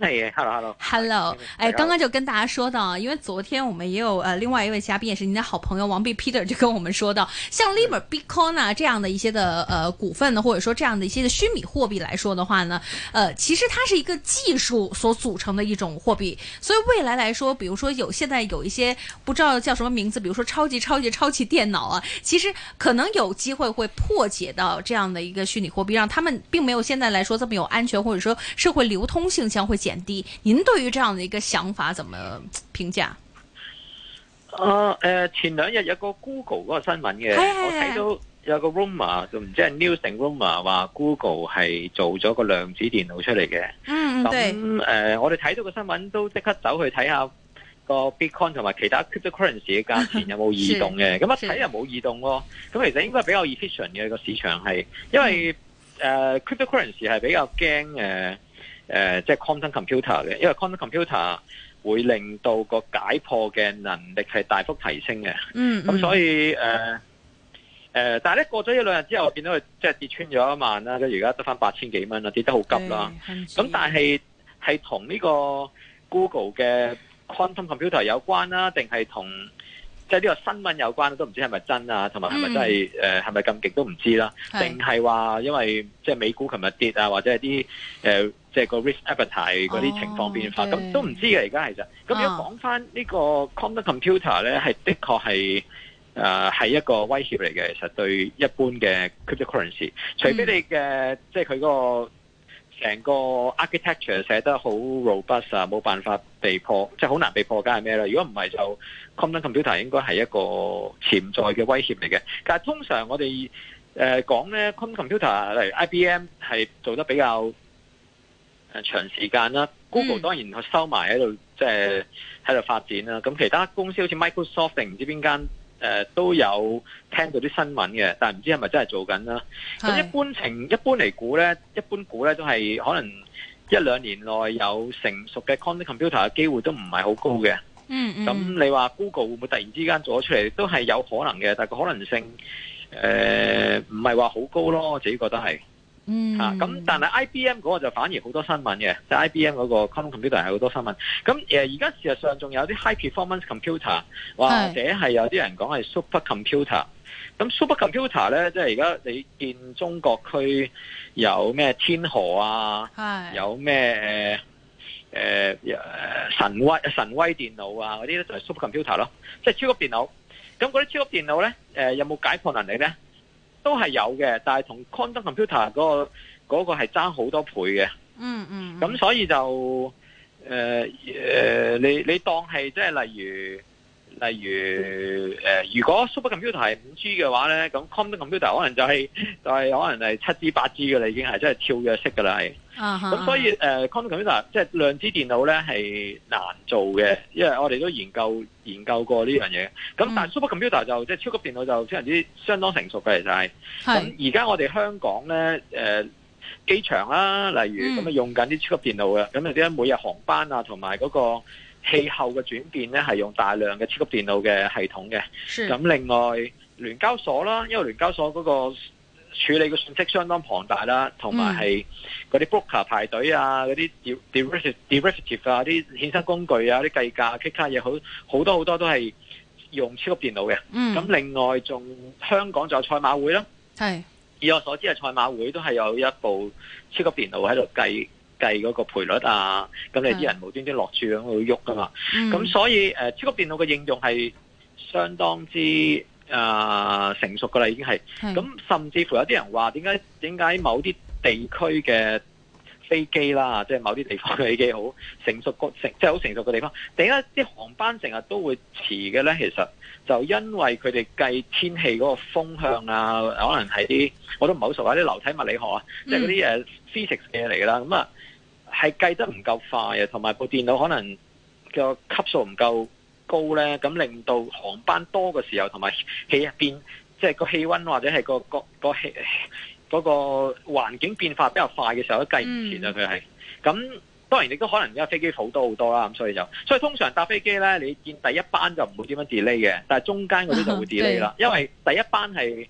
哎、hey，hello hello hello，哎，剛剛就跟大家說到，因為昨天我們也有呃另外一位嘉賓也是您的好朋友王碧 Peter 就跟我們說到，像 Libra、啊、Bitcoin 啊這樣的一些的呃股份呢，或者說這樣的一些的虛擬貨幣來說的話呢，呃，其實它是一個技術所組成的一種貨幣，所以未來來說，比如說有現在有一些不知道叫什麼名字，比如說超級，超級超級超級電腦啊，其實可能有機會會破解到這樣的一個虛擬貨幣，讓他們並沒有現在來說這麼有安全，或者說社會流通性將會減。低，您對於這樣的一個想法，怎麼評價？啊，誒、呃，前兩日有一個 Google 嗰個新聞嘅，哎、我睇到有個就不 rumor，就唔知係 news 定 rumor，話 Google 係做咗個量子電腦出嚟嘅。嗯咁誒、嗯呃，我哋睇到個新聞都即刻走去睇下個 Bitcoin 同埋其他 cryptocurrency 嘅價錢有冇異動嘅，咁是一睇又冇異動咯。咁是其實應該比較 efficient 嘅、這個市場係，因為誒、嗯 uh, cryptocurrency 係比較驚誒。呃誒，即係、呃就是、quantum computer 嘅，因為 quantum computer 會令到個解破嘅能力係大幅提升嘅。嗯，咁所以誒誒，但係咧，過咗一兩日之後，我見到佢即係跌穿咗一萬啦，跟住而家得返八千幾蚊啦，跌得好急啦。咁但係係同呢個 Google 嘅 quantum computer 有關啦，啊，定係同即係呢個新聞有關都唔知係咪真啊，同埋係咪真係誒係咪咁勁都唔知啦。定係話因為即係美股琴日跌啊，或者係啲誒。呃即係個 risk appetite 嗰啲情況變化，咁都唔知嘅而家係就。咁如果講翻呢個 quantum computer 咧，係、ah. 的確係誒係一個威脅嚟嘅，其實對一般嘅 cryptocurrency，除非你嘅、mm. 即係佢嗰個成個 architecture 寫得好 robust 啊，冇辦法被破，即係好難被破，咁係咩咧？如果唔係就 quantum computer 應該係一個潛在嘅威脅嚟嘅。但係通常我哋誒、呃、講咧 quantum computer，例如 IBM 係做得比較。誒長時間啦，Google 當然佢收埋喺度，即係喺度發展啦。咁其他公司好似 Microsoft 定唔知邊間誒都有聽到啲新聞嘅，但係唔知係咪真係做緊啦。咁一般情是一般嚟估咧，一般估咧都係可能一兩年內有成熟嘅 quantum computer 嘅機會都唔係好高嘅。嗯。嗯咁你話 Google 會唔會突然之間做咗出嚟都係有可能嘅，但係個可能性誒唔係話好高咯，我自己覺得係。嗯咁、啊、但係 IBM 嗰個就反而好多新聞嘅，即、就、係、是、IBM 嗰個 quantum computer 係好多新聞。咁而家事實上仲有啲 high performance computer，或者係有啲人講係 super computer。咁 super computer 咧，即係而家你見中國區有咩天河啊，是有咩、呃呃、神威神威電腦啊嗰啲咧就係 super computer 咯，即係超級電腦。咁嗰啲超級電腦咧、呃，有冇解破能力咧？都係有嘅，但係同 quantum computer 嗰、那個嗰、那個係爭好多倍嘅、嗯。嗯嗯。咁所以就誒誒、呃呃，你你當係即係例如。例如誒、呃，如果 super computer 係五 G 嘅話咧，咁 quantum computer 可能就係、是、就係、是、可能係七 G、八 G 嘅啦，已經係真係跳躍式嘅啦，係、啊。咁所以誒 quantum computer 即係、uh, 量子電腦咧，係難做嘅，因為我哋都研究研究過呢樣嘢。咁但係 super computer 就即係、嗯、超級電腦就非常之相當成熟嘅，其實就係、是。係是。咁而家我哋香港咧誒機場啦、啊，例如咁啊，嗯、用緊啲超級電腦嘅，咁啊啲每日航班啊，同埋嗰個。氣候嘅轉變咧，係用大量嘅超級電腦嘅系統嘅。咁是另外聯交所啦，因為聯交所嗰個處理嘅信息相當龐大啦，同埋係嗰啲 broker 排隊啊，嗰啲 derivative derivative 啊，啲衍生工具啊，啲計價、啊、其他嘢好好多好多都係用超級電腦嘅。咁、嗯、另外仲香港仲有賽馬會啦，係是以我所知嘅賽馬會都係有一部超級電腦喺度計。計嗰個賠率啊，咁你啲人無端端落住咁去喐噶嘛？咁、嗯、所以誒、呃，超級電腦嘅應用係相當之誒、呃、成熟噶啦，已經係。咁的甚至乎有啲人話，點解點解某啲地區嘅飛機啦，即、就、係、是、某啲地方嘅飛機好成熟個成，即係好成熟嘅地方，點解啲航班成日都會遲嘅咧？其實就因為佢哋計天氣嗰個風向啊，可能係啲我都唔係好熟啊，啲流體物理學啊，即係嗰啲誒 physics 嘢嚟㗎啦。咁啊～、嗯係計得唔夠快啊，同埋部電腦可能個級數唔夠高咧，咁令到航班多嘅時候，同埋氣變即係、就是、個氣溫或者係、那個那、那個個氣嗰個環境變化比較快嘅時候都計唔切呀。佢係、嗯，咁當然亦都可能而家飛機好多好多啦，咁所以就，所以通常搭飛機咧，你見第一班就唔會點樣 delay 嘅，但係中間嗰啲就會 delay 啦，啊 okay. 因為第一班係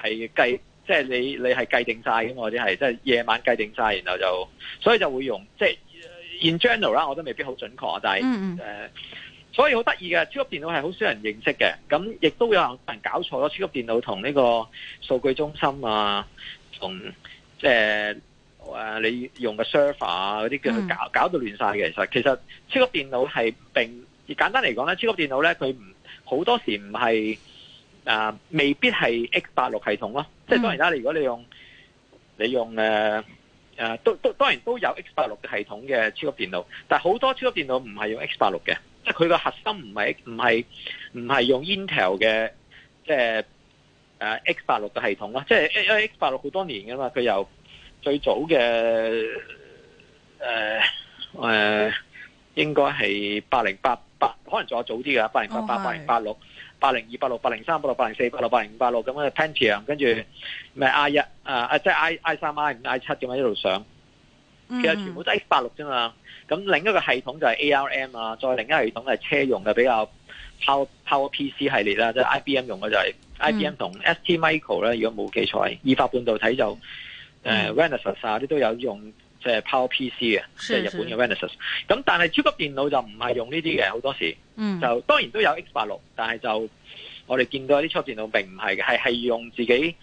係計。即係你你係計定晒嘅嘛？啲係即係夜晚計定晒，然後就所以就會用即係、就是、in general 啦，我都未必好準確啊！但係誒、mm hmm. 呃，所以好得意嘅超級電腦係好少人認識嘅，咁亦都有人搞錯咯。超級電腦同呢個數據中心啊，同誒誒你用嘅 server 啊嗰啲叫佢搞搞到亂晒嘅。其實其實超級電腦係並簡單嚟講咧，超級電腦咧佢唔好多時唔係。啊，未必係 X 八六系統咯，啊，即係、嗯、當然啦。如果你用你用誒誒、啊啊，都都當然都有 X 八六嘅系統嘅超級電腦，但係好多超級電腦唔係用 X 八六嘅，即係佢個核心唔係唔係唔係用 Intel 嘅，即係誒、啊、X 八六嘅系統咯，啊。即係因 X 八六好多年噶嘛，佢由最早嘅誒誒，應該係八零八八，可能仲有早啲噶八零八八、八零八六，八零二八六、八零三八六、八零四八六、八零五八六咁嘅 Pentium，跟住咪 I 一啊啊，即係 I 三、I 五、I 七咁樣一路上，其實全部都係八六啫嘛。咁另一個系統就係 ARM 啊，再另一個系統係車用嘅比較 PowerPC 系列啦，即係 IBM 用嘅就係 IBM 同 STMicro 咧。如果冇記錯，二發半導體就誒 Renesas 啊啲都有用。即係 PowerPC 嘅，即係日本嘅 Venus。咁是但係超級電腦就唔係用呢啲嘅，好多時、嗯、就當然都有 X 八六，但係就我哋見到啲超級電腦並唔係，係係用自己誒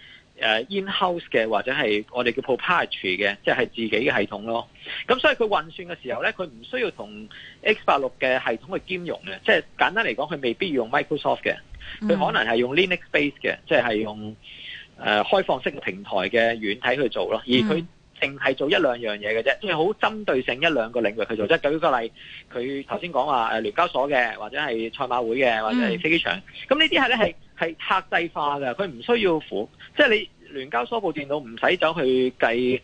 in-house 嘅或者係我哋叫 proprietary 嘅，即、就、係、是、自己嘅系統咯。咁所以佢運算嘅時候咧，佢唔需要同 X 八六嘅系統去兼容嘅。即、就、係、是、簡單嚟講，佢未必要用 Microsoft 嘅，佢可能係用 Linux base 嘅，即係、就是、用誒、呃、開放式嘅平台嘅軟體去做咯。嗯、而佢。淨係做一兩樣嘢嘅啫，即係好針對性一兩個領域去做。即係舉個例，佢頭先講話誒，聯交所嘅或者係賽馬會嘅或者係飛機場，咁呢啲係咧係係客製化嘅，佢唔需要輔，即係、嗯、你聯交所部電腦唔使走去計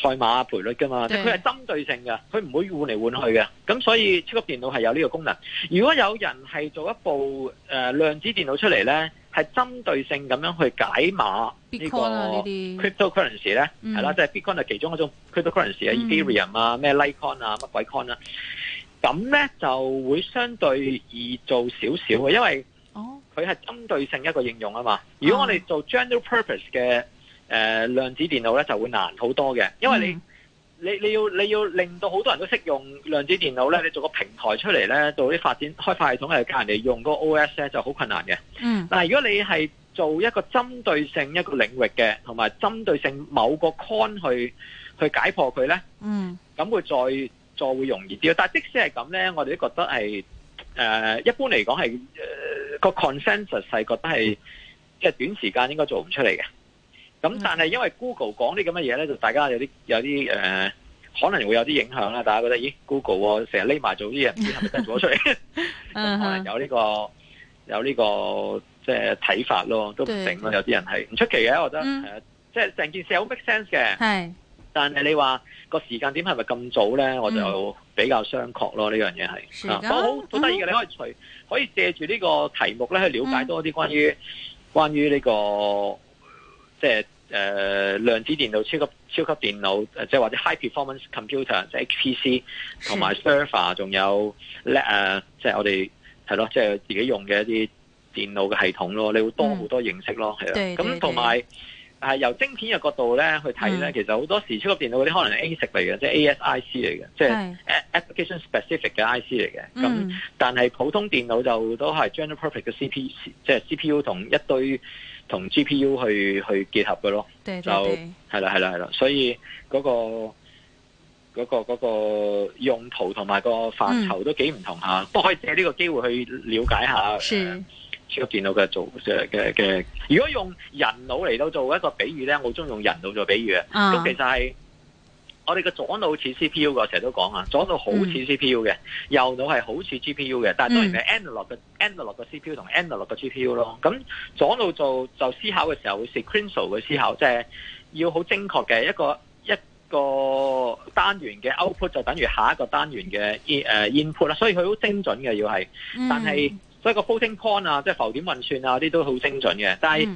賽馬賠率噶嘛，對即佢係針對性噶，佢唔會換嚟換去嘅。咁所以超級電腦係有呢個功能。如果有人係做一部誒、呃、量子電腦出嚟咧？係針對性咁樣去解碼呢個 cryptocurrency 咧、啊，係啦，即係 bitcoin 就是、係其中一種 cryptocurrency 啊、嗯、ethereum 啊，咩 litecoin 啊，乜鬼 coin 啊，咁咧、啊、就會相對易做少少嘅，因為佢係針對性一個應用啊嘛。如果我哋做 general purpose 嘅、呃、量子電腦咧，就會難好多嘅，因為你，嗯你你要你要令到好多人都識用量子電腦咧，你做個平台出嚟咧，做啲發展開發系統係教人哋用嗰個 OS 咧，就好困難嘅。嗯。但係如果你係做一個針對性一個領域嘅，同埋針對性某個 coin 去去解破佢咧，嗯。咁會再再會容易啲。但即使係咁咧，我哋都覺得係誒、呃、一般嚟講係個 consensus 係覺得係即係短時間應該做唔出嚟嘅。咁但係因為 Google 講啲咁嘅嘢咧，就大家有啲有啲誒、呃，可能會有啲影響啦。大家覺得咦，Google 成日匿埋做啲嘢，唔知係咪真係做咗出嚟？可能有呢、這個有呢、這個即係睇法咯，都唔定咯。對有啲人係唔出奇嘅，我覺得即係成件事好 make sense 嘅。係是，但係你話個時間點係咪咁早咧？我就比較商榷咯。呢、嗯、樣嘢係，好好好得意嘅。你可以隨可以借住呢個題目咧去了解多啲關於、嗯、關於呢、這個。即係誒、呃，量子電腦、超級超級電腦，即係或者 high performance computer，即係 HPC 同埋 server，仲有叻誒的，即係我哋係咯，即係自己用嘅一啲電腦嘅系統咯，你會多好多認識咯，係啊、嗯，咁同埋。對對對係由晶片嘅角度咧去睇咧，嗯、其實好多時出個電腦嗰啲可能係 ASIC 嚟嘅，即係 ASIC 嚟嘅，即係 application specific 嘅 IC 嚟嘅。咁、嗯、但係普通電腦就都係 general purpose 嘅 CPU，即係 CPU 同一堆同 GPU 去去結合嘅咯。對就係啦，係啦，係啦。所以嗰、嗰個嗰、嗰個嗰個、用途同埋個範疇都幾唔同吓不、嗯、都可以借呢個機會去了解下。電腦嘅做嘅嘅、呃、如果用人腦嚟到做一個比喻咧，我中意用人腦做比喻啊。咁、uh. 其實係我哋嘅左腦似 C P U 嘅，成日都講啊，左腦好似 C P U 嘅，mm. 右腦係好似 G P U 嘅。但係當然係 analogue 嘅 analogue 嘅 C P U 同 analogue 嘅 G P U 咯。咁左腦做就思考嘅時候 sequential 嘅思考，即、就、係、是、要好精確嘅一個一個單元嘅 output 就等於下一個單元嘅 in 誒 input 啦。所以佢好精準嘅要係，mm. 但係。所以個 floating point 啊，即係浮點運算啊，啲都好精準嘅。但係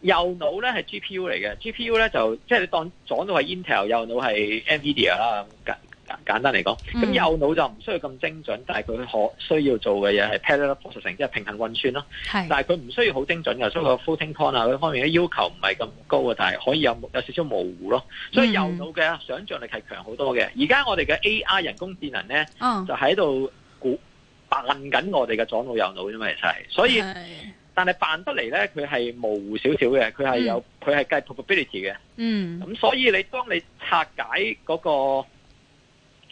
右腦咧係 GPU 嚟嘅，GPU 咧就即係你當左腦係 Intel 右腦係 Nvidia 啦，簡簡單嚟講，咁、mm. 右腦就唔需要咁精準，但係佢可需要做嘅嘢係 parallel processing，即係平行運算咯。是但係佢唔需要好精準，嘅，所以個 floating point 啊嗰方面嘅要求唔係咁高啊，但係可以有有少少模糊咯。所以右腦嘅想像力係強好多嘅。而家我哋嘅 AI 人工智能咧，oh. 就喺度估。扮緊我哋嘅左腦右腦啫嘛，其實係，所以但係扮得嚟咧，佢係模糊少少嘅，佢係有佢係計 probability 嘅，嗯，咁、嗯、所以你當你拆解嗰、那個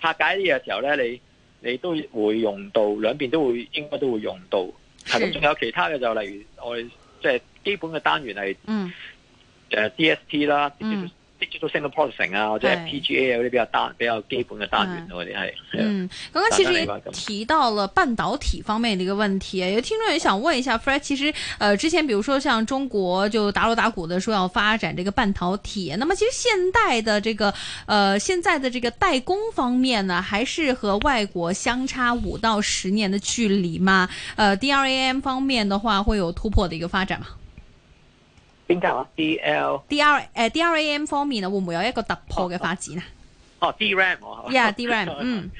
拆解啲嘢時候咧，你你都會用到兩邊都會應該都會用到，係咁。仲有其他嘅就例如我哋即係基本嘅單元係，嗯，誒、呃、DST 啦。嗯 PGA 啊，或者 PGA 嗰、啊、是比較單比較基本嘅單元嗰啲係。是嗯，剛剛其實也提到了半導體方面的一個問題，嗯、有聽眾也想問一下 Fred，其實，呃，之前，比如說像中國就打鑼打鼓的，說要發展這個半導體，那麼其實現代的這個，呃，現在的這個代工方面呢，還是和外國相差五到十年的距離嗎？呃，DRAM 方面的話，會有突破嘅一個發展嗎？邊家啊？D L DR、呃、D R 誒 D R A M 方面啊，會唔會有一個突破嘅發展啊？哦、啊、D R A M，啊 yeah，D R A M，嗯，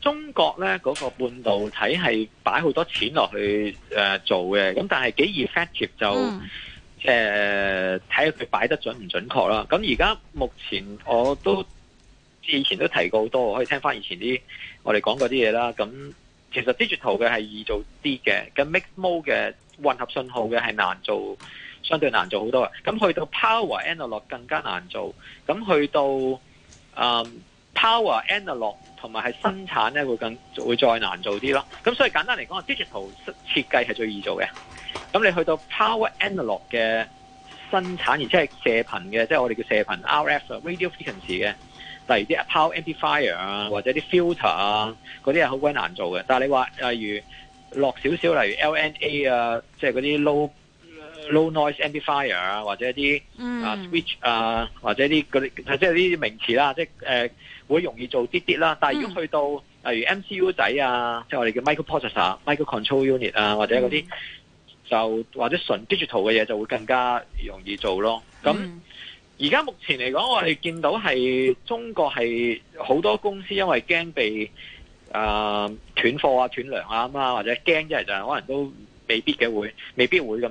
中國咧嗰、嗰個半導體係擺好多錢落去誒、呃、做嘅，咁但係幾 effective 就誒睇下佢擺得準唔準確啦。咁而家目前我都以、嗯、前都提過好多，可以聽翻以前啲我哋講嗰啲嘢啦。咁其實 digital 嘅係易做啲嘅，咁 mix mode 嘅混合信號嘅係難做。嗯相對難做好多嘅，咁去到 power analog 更加難做，咁去到啊、嗯、power analog 同埋係生產咧會更會再難做啲咯。咁所以簡單嚟講，digital 設計係最易做嘅。咁你去到 power analog 嘅生產，而且即係射頻嘅，即係我哋叫射頻 RF 啊，radio frequency 嘅，例如啲 power amplifier 啊，或者啲 filter 啊，嗰啲係好鬼難做嘅。但係你話例如落少少，例如 LNA 啊，即係嗰啲 low。low noise amplifier 啊，或者啲啊 switch 啊，嗯 uh，或者啲嗰啲，即係呢啲名詞啦，即係誒會容易做啲啲啦。但係如果去到、嗯、例如 MCU 仔啊，即係我哋叫 microprocessor、micro control unit 啊，或者嗰啲，嗯、就或者純 digital 嘅嘢就會更加容易做咯。咁而家目前嚟講，我哋見到係中國係好多公司因為驚被啊、呃、斷貨啊斷糧啊咁啊，或者驚一係就係、可能都未必嘅會，未必會咁。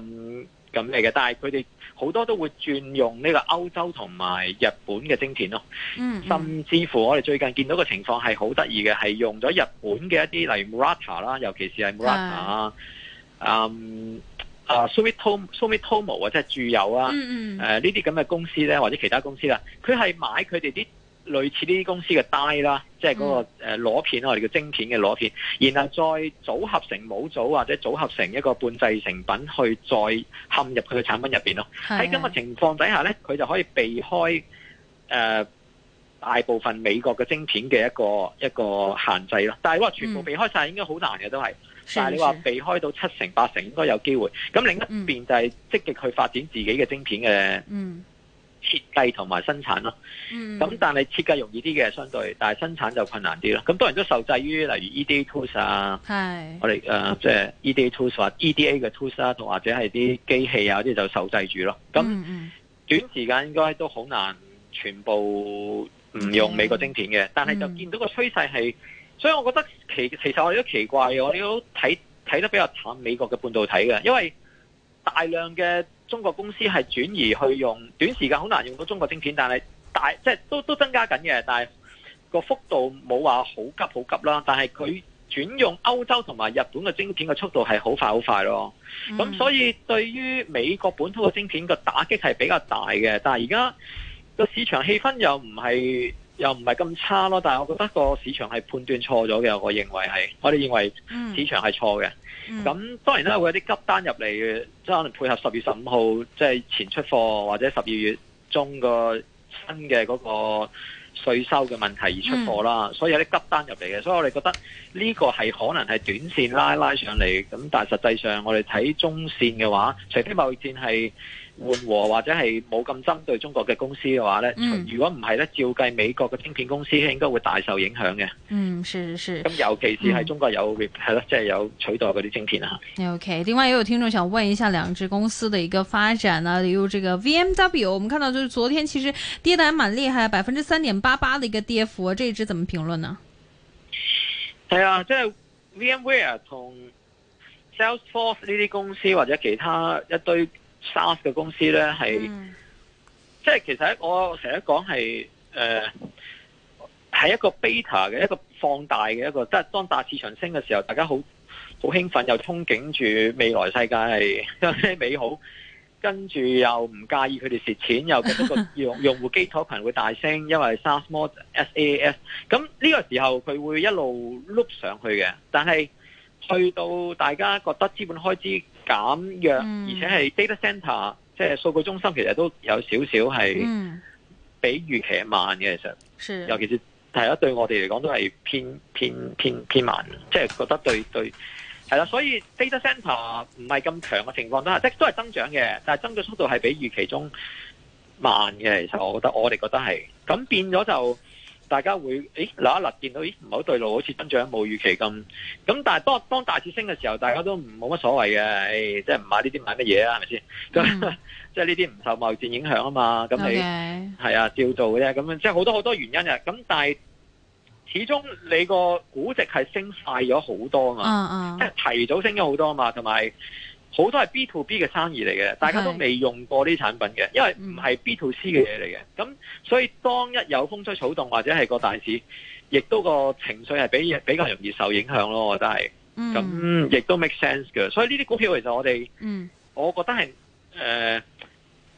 咁嚟嘅，但係佢哋好多都會轉用呢個歐洲同埋日本嘅晶片咯。嗯，甚至乎我哋最近見到個情況係好得意嘅，係用咗日本嘅一啲，例如 Murata 啦，尤其是係 Murata 啊，啊，啊，Sumitomo、Sumitomo 啊，即係住友啊，嗯嗯，誒呢啲咁嘅公司咧，或者其他公司啦，佢係買佢哋啲類似呢啲公司嘅 die 啦。即係嗰個誒裸片，嗯、我哋叫晶片嘅裸片，然後再組合成模組或者組合成一個半製成品，去再嵌入佢嘅產品入邊咯。喺咁嘅情況底下咧，佢就可以避開誒、呃、大部分美國嘅晶片嘅一個一個限制咯。但係話全部避開晒，應該好難嘅都係。但係你話避開到七成八成，應該有機會。咁另一邊就係積極去發展自己嘅晶片嘅。嗯嗯設計同埋生產咯，咁、嗯、但係設計容易啲嘅，相對，但係生產就困難啲咯。咁多人都受制於，例如 EDA tools 啊是，我哋誒即係 EDA tools 或 EDA 嘅 tools 啊，同或者係啲機器啊啲就受制住咯。咁、嗯、短時間應該都好難全部唔用美國晶片嘅，嗯、但係就見到個趨勢係，所以我覺得其其實我哋都奇怪，我哋都睇睇得比較淡美國嘅半導體嘅，因為大量嘅。中國公司係轉移去用，短時間好難用到中國晶片，但係大即係都都增加緊嘅，但係個幅度冇話好急好急啦。但係佢轉用歐洲同埋日本嘅晶片嘅速度係好快好快咯。咁所以對於美國本土嘅晶片嘅打擊係比較大嘅，但係而家個市場氣氛又唔係。又唔係咁差咯，但係我覺得個市場係判斷錯咗嘅，我認為係，我哋認為市場係錯嘅。咁、嗯嗯、當然啦，會有啲急單入嚟，即係可能配合十月十五號，即係前出貨或者十二月中個新嘅嗰個稅收嘅問題而出貨啦，嗯、所以有啲急單入嚟嘅。所以我哋覺得呢個係可能係短線拉拉上嚟，咁但係實際上我哋睇中線嘅話，除非貿易戰係緩和或者係冇咁針對中國嘅公司嘅話咧，嗯、如果唔係咧，照計美國嘅晶片公司應該會大受影響嘅。嗯，是是咁、嗯、尤其是喺中國有係咯，即係、嗯就是、有取代嗰啲晶片啊。OK，另外又有聽眾想問一下兩隻公司嘅一個發展啊，例如這個 VMW 我們看到就是昨天其實跌得係滿厲害的，百分之三點八八嘅一個跌幅、啊，這一隻怎麼評論呢？係啊，即係、啊就是、VMware 同 Salesforce 呢啲公司或者其他一堆。SaaS 嘅公司咧，係、嗯、即係其實我成日講係誒，係、呃、一個 beta 嘅一個放大嘅一個，即係當大市場升嘅時候，大家好好興奮又憧憬住未來世界係美好，跟住又唔介意佢哋蝕錢，又覺得個用用戶基礎群會大升，因為 SaaS 嘛，SaaS 咁呢個時候佢會一路碌上去嘅，但係去到大家覺得資本開支。減弱，而且係 data center、嗯、即係數據中心，其實都有少少係比預期慢嘅，其實、嗯。尤其是係啦，對我哋嚟講都係偏偏偏偏慢，即係覺得對對係啦，所以 data center 唔係咁強嘅情況都係，即都係增長嘅，但係增長速度係比預期中慢嘅，其實我覺得我哋覺得係，咁變咗就。大家會，咦，嗱一嗱見到，咦，唔係好對路，好似增長冇預期咁。咁但係當，當大市升嘅時候，大家都冇乜所謂嘅、欸，即係唔買呢啲買乜嘢啊？係咪先？嗯、 即係呢啲唔受貿戰影響啊嘛。咁你係 Okay. 啊，照做嘅啫。咁樣即係好多好多原因啊。咁但係始終你個估值係升快咗好多啊嘛，嗯嗯即係提早升咗好多啊嘛，同埋。好多係 B to B 嘅生意嚟嘅，大家都未用過呢啲產品嘅，因為唔係 B to C 嘅嘢嚟嘅。咁所以當一有風吹草動或者係個大市，亦都個情緒係比比較容易受影響咯。我覺得係，咁亦、嗯嗯、都 make sense 嘅。所以呢啲股票其實我哋，嗯，我覺得係誒，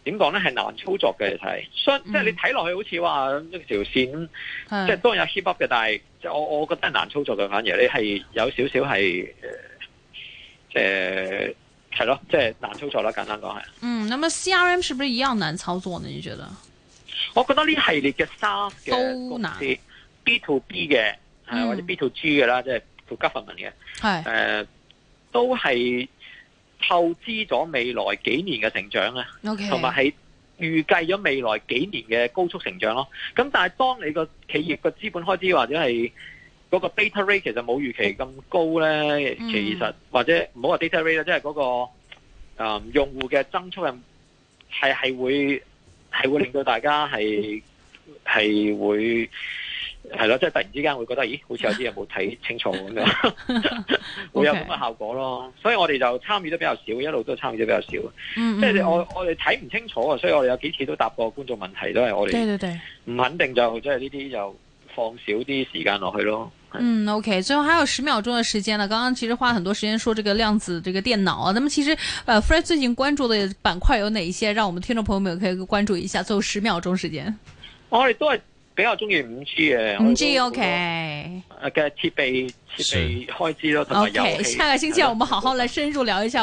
點講咧係難操作嘅。其實係，即係你睇落去好似話一條線，即係都有 heat up 嘅，但係即係我我覺得係難操作嘅，反而你係有少少係誒，呃呃係咯，即係難操作啦，簡單講係。嗯，咁啊，C R M 係唔係一樣難操作呢？你覺得？我覺得呢系列嘅 staff 嘅公司都難，B to B 嘅，嗯、或者 B to G、就是、to G 嘅啦，即係 to government 嘅，係誒、呃，都係透支咗未來幾年嘅成長啊，同埋係預計咗未來幾年嘅高速成長咯。咁但係當你個企業個資本開支、嗯、或者係嗰個 data rate 其實冇預期咁高咧，嗯、其實，實或者唔好話 data rate 啦，即係嗰個。Um, 用戶嘅增速嘅係係會係會令到大家係係會係咯，即係、就是、突然之間會覺得，咦，好似有啲嘢冇睇清楚咁 樣，會有咁嘅效果咯。Okay. 所以我哋就參與得比較少，一路都參與得比較少。即係、mm hmm. 我我哋睇唔清楚啊，所以我哋有幾次都答過觀眾問題，都係我哋唔肯定就即係呢啲就。放少啲時間落去咯，嗯。嗯，OK，最後還有十秒鐘的時間啦。剛剛其實花很多時間說這個量子這個電腦啊，咁啊其實，呃 Fred 最近關注的板塊有哪一些？讓我們聽眾朋友們可以關注一下。最後十秒鐘時間，啊，我哋都係比較中意五 G 嘅，五 G OK，嘅設備設備開支咯。是 OK，下個星期我們好好來深入聊一下。